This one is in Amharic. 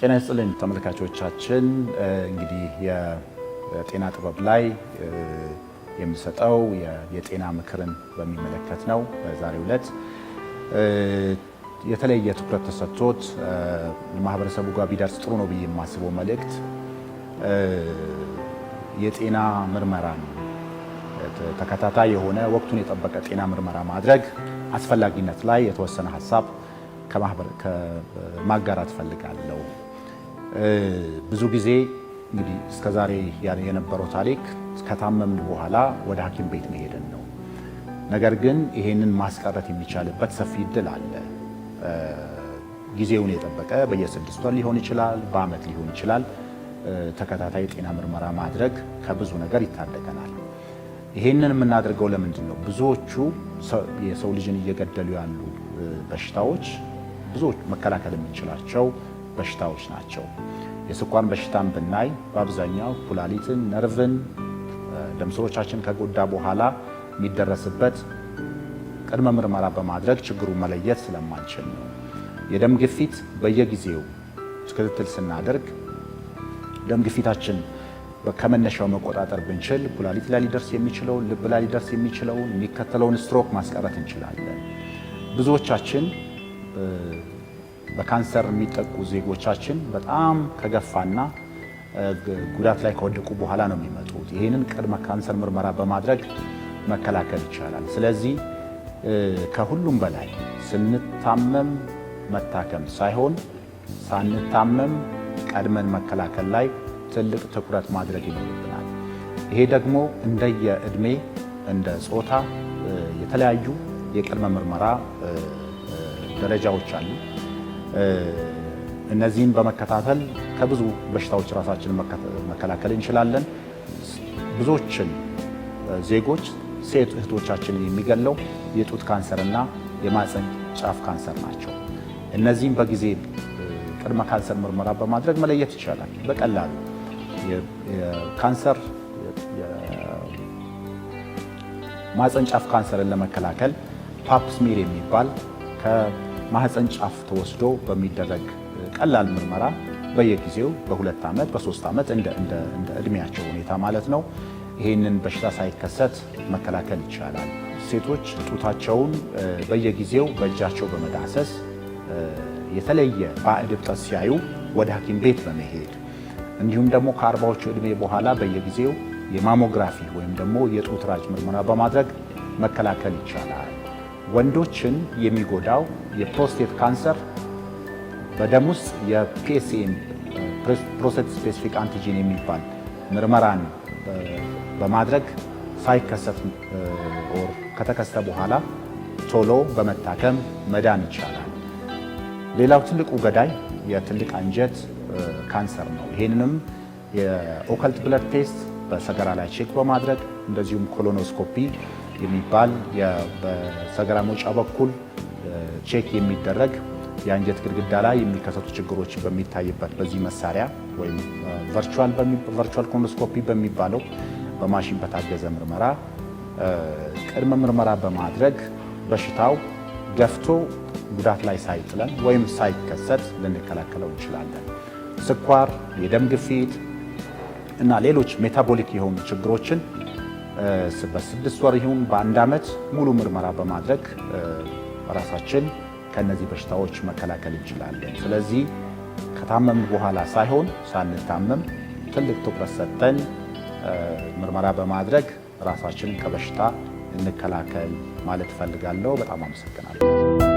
ጤና ይስጥልኝ ተመልካቾቻችን። እንግዲህ የጤና ጥበብ ላይ የምሰጠው የጤና ምክርን በሚመለከት ነው። በዛሬው ዕለት የተለየ ትኩረት ተሰጥቶት ማህበረሰቡ ጋር ቢደርስ ጥሩ ነው ብዬ የማስበው መልእክት የጤና ምርመራን ተከታታይ የሆነ ወቅቱን የጠበቀ ጤና ምርመራ ማድረግ አስፈላጊነት ላይ የተወሰነ ሀሳብ ከማጋራት እፈልጋለሁ። ብዙ ጊዜ እንግዲህ እስከዛሬ የነበረው ታሪክ ከታመምን በኋላ ወደ ሐኪም ቤት መሄድን ነው። ነገር ግን ይሄንን ማስቀረት የሚቻልበት ሰፊ እድል አለ። ጊዜውን የጠበቀ በየስድስት ወር ሊሆን ይችላል፣ በአመት ሊሆን ይችላል። ተከታታይ ጤና ምርመራ ማድረግ ከብዙ ነገር ይታደገናል። ይሄንን የምናደርገው ለምንድን ነው? ብዙዎቹ የሰው ልጅን እየገደሉ ያሉ በሽታዎች ብዙዎች መከላከል የምንችላቸው በሽታዎች ናቸው። የስኳር በሽታን ብናይ በአብዛኛው ኩላሊትን፣ ነርቭን፣ ደም ከጎዳ በኋላ የሚደረስበት ቅድመ ምርመራ በማድረግ ችግሩን መለየት ስለማንችል ነው። የደም ግፊት በየጊዜው ክትትል ስናደርግ ደም ግፊታችን ከመነሻው መቆጣጠር ብንችል ኩላሊት ላይ ሊደርስ የሚችለውን ልብ ላይ ሊደርስ የሚችለውን የሚከተለውን ስትሮክ ማስቀረት እንችላለን። ብዙዎቻችን በካንሰር የሚጠቁ ዜጎቻችን በጣም ከገፋና ጉዳት ላይ ከወደቁ በኋላ ነው የሚመጡት። ይህንን ቅድመ ካንሰር ምርመራ በማድረግ መከላከል ይቻላል። ስለዚህ ከሁሉም በላይ ስንታመም መታከም ሳይሆን ሳንታመም ቀድመን መከላከል ላይ ትልቅ ትኩረት ማድረግ ይኖርብናል። ይሄ ደግሞ እንደየ እንደ ጾታ የተለያዩ የቅድመ ምርመራ ደረጃዎች አሉ። እነዚህን በመከታተል ከብዙ በሽታዎች ራሳችን መከላከል እንችላለን። ብዙዎችን ዜጎች ሴት እህቶቻችንን የሚገለው የጡት ካንሰርና የማፀን ጫፍ ካንሰር ናቸው። እነዚህም በጊዜ ቅድመ ካንሰር ምርመራ በማድረግ መለየት ይቻላል። በቀላሉ ካንሰር ማፀን ጫፍ ካንሰርን ለመከላከል ፓፕስሚር የሚባል ማህፀን ጫፍ ተወስዶ በሚደረግ ቀላል ምርመራ በየጊዜው በሁለት ዓመት በሶስት ዓመት እንደ እድሜያቸው ሁኔታ ማለት ነው ይህንን በሽታ ሳይከሰት መከላከል ይቻላል። ሴቶች ጡታቸውን በየጊዜው በእጃቸው በመዳሰስ የተለየ ባዕድ እብጠት ሲያዩ ወደ ሐኪም ቤት በመሄድ እንዲሁም ደግሞ ከአርባዎቹ ዕድሜ በኋላ በየጊዜው የማሞግራፊ ወይም ደግሞ የጡት ራጅ ምርመራ በማድረግ መከላከል ይቻላል። ወንዶችን የሚጎዳው የፕሮስቴት ካንሰር በደም ውስጥ የፒኤስኤም ፕሮስቴት ስፔሲፊክ አንቲጂን የሚባል ምርመራን በማድረግ ሳይከሰት ኦር ከተከሰተ በኋላ ቶሎ በመታከም መዳን ይቻላል። ሌላው ትልቁ ገዳይ የትልቅ አንጀት ካንሰር ነው። ይህንንም የኦከልት ብለድ ቴስት በሰገራ ላይ ቼክ በማድረግ እንደዚሁም ኮሎኖስኮፒ የሚባል በሰገራ መውጫ በኩል ቼክ የሚደረግ የአንጀት ግድግዳ ላይ የሚከሰቱ ችግሮች በሚታይበት በዚህ መሳሪያ ወይም ቨርቹዋል ኮንዶስኮፒ በሚባለው በማሽን በታገዘ ምርመራ ቅድመ ምርመራ በማድረግ በሽታው ገፍቶ ጉዳት ላይ ሳይጥለን ወይም ሳይከሰት ልንከላከለው እንችላለን። ስኳር፣ የደም ግፊት እና ሌሎች ሜታቦሊክ የሆኑ ችግሮችን በስድስት ወር ይሁን በአንድ ዓመት ሙሉ ምርመራ በማድረግ ራሳችን ከእነዚህ በሽታዎች መከላከል እንችላለን። ስለዚህ ከታመም በኋላ ሳይሆን ሳንታመም ትልቅ ትኩረት ሰጠን ምርመራ በማድረግ ራሳችን ከበሽታ እንከላከል ማለት እፈልጋለሁ። በጣም አመሰግናለሁ።